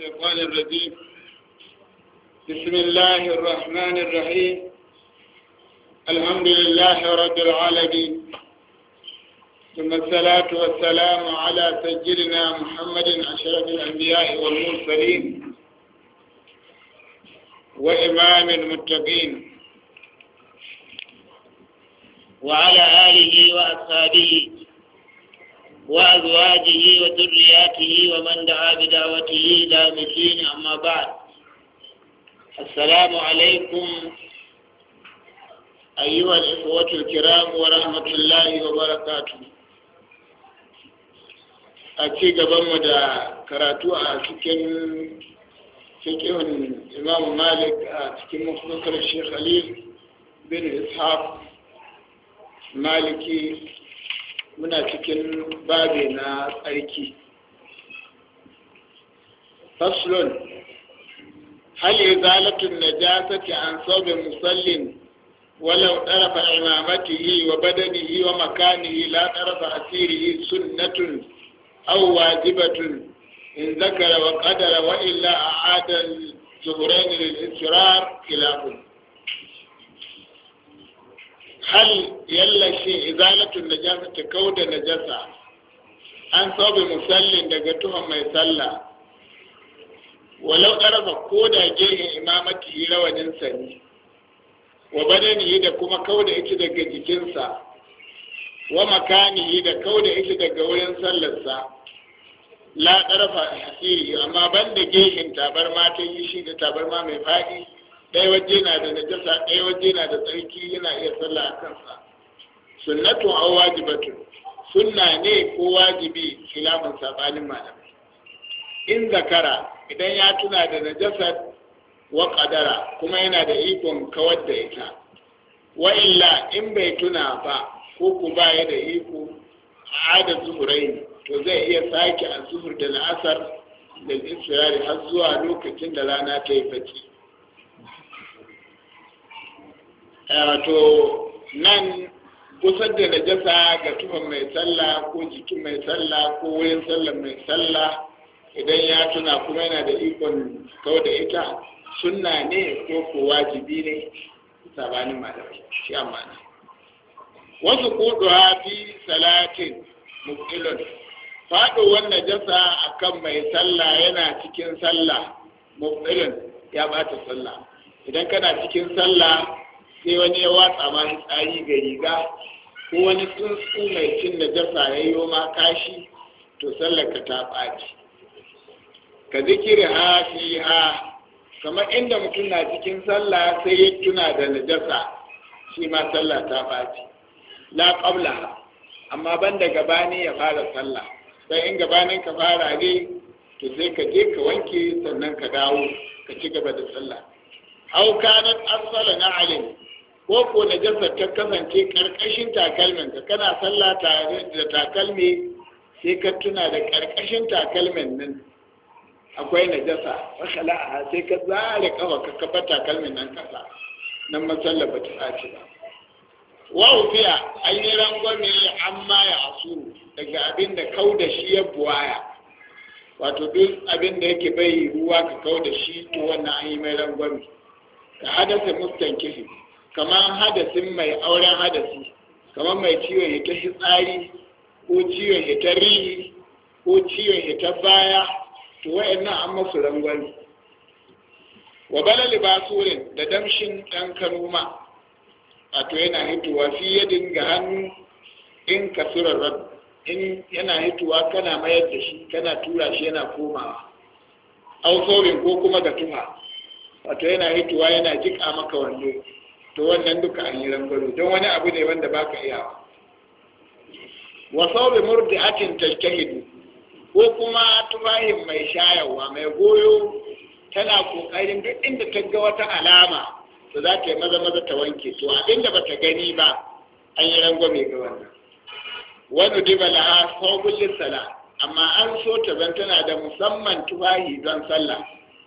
الشيطان الرجيم بسم الله الرحمن الرحيم الحمد لله رب العالمين ثم الصلاة والسلام على سيدنا محمد أشرف الأنبياء والمرسلين وإمام المتقين وعلى آله وأصحابه وأزواجه وذرياته ومن دعا بدعوته إلى مسكين أما بعد السلام عليكم أيها الإخوة الكرام ورحمة الله وبركاته أتي قبل مدى كراتوها سكن فقه الإمام مالك في مختصر الشيخ علي بن إسحاق مالكي muna cikin babe na tsarki faslon hal izalatun najasati an saubin musallin walau ɗarafa imamatihi wa badanihi wa makanihi la ɗarafa asirihi sunnatun au wajibatun in zakara wa qadara wa illa a'ada adal zuhrayn lil-israr khilafun hal yallashe izalatun najasa ta kau da najasa an saube musallin daga tuhon mai sallah walau ƙarfa ko da gehen imamati rawanin sani wa badani da kuma kau da ita daga jikinsa wa makani da kau ita daga wurin sallarsa la ƙarfa hasiri amma ban da gehen tabarma ta yi shi da tabarma mai faɗi ɗaya waje na da najasa ɗaya waje na da tsarki yana iya sallah a kansa sunnatun aw wajibatun sunna ne ko wajibi khilafin sabanin malam. in zakara idan ya tuna da najasar wa kadara kuma yana da ikon kawar da ita wa illa in bai tuna ba ko ku baya da iko a ada zuhurai to zai iya sake a zuhur da na'asar da isirari har zuwa lokacin da rana ta yi baki Eh, to nan kusan da najasa ga tufan mai sallah ko jikin mai sallah ko wurin sallah mai sallah idan ya tuna kuma yana da ikon kau da ita sunna ne ko ko wajibi ne sabanin malamai shi amma wasu kuduwa fi salatin mukilun wanda najasa akan mai sallah yana cikin sallah mukilun ya bata sallah idan kana cikin sallah sai wani ya watsa ma tsari ga riga ko wani tsuntsu mai cin da jasa ya yi ma kashi to sallaka ta ɓaci ka zikiri ha fi ha kamar inda mutum na cikin sallah sai ya tuna da najasa shi ma sallah ta ɓaci la qabla amma ban da gabani ya fara sallah sai in gabanin ka fara ne to sai ka je ka wanke sannan ka dawo ka ci gaba da sallah au kanat asala na alim ko ko da jasar ta kasance karkashin takalmin ka kana sallah tare da takalmi sai ka tuna da karkashin takalmin nan akwai najasa fashala a sai ka zare kawa ka kafa takalmin nan kasa nan masalla ba ta sace ba wa ufiya an yi rangwame amma ya asu daga abin da kau da shi ya buwaya wato duk abin da yake bai ruwa ka kau da shi to wannan an yi mai rangwame ka hadasa mustan kifi kamar hadasin mai auren hadasi kamar mai ciwon hita hitsari ko ciwon hita rihi ko ciwon hita baya to wa'annan an masu rangwani wa bala libasurin da damshin ɗan kanuma a to yana hituwa fi yadin ga hannu in kasurar rabu in yana hituwa kana mayar da shi kana tura shi yana komawa au saurin ko kuma ga tuha wato yana hituwa yana jika maka wando to wannan duka an yi rangwaro don wani abu ne wanda ba ka iya wa sauri murdi atin tashkahidu ko kuma tufahin mai shayarwa mai goyo tana kokarin duk inda ta ga wata alama to za ta yi maza maza ta wanke to abinda ta gani ba an yi rangwame ga wannan wani diba laha saugullin sala amma an so ta zan da musamman tufahi don sallah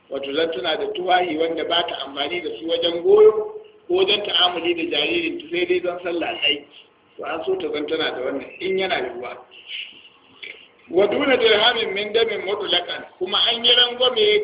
wato zan da tufahi wanda ba ta amfani da su wajen goyo ko wajen ta'amuli da jaririn ta sai dai don sallah kai to an so ta zan tana da wannan in yana yiwuwa wa duna dirhamin min damin mutlaqan kuma an yi rangwame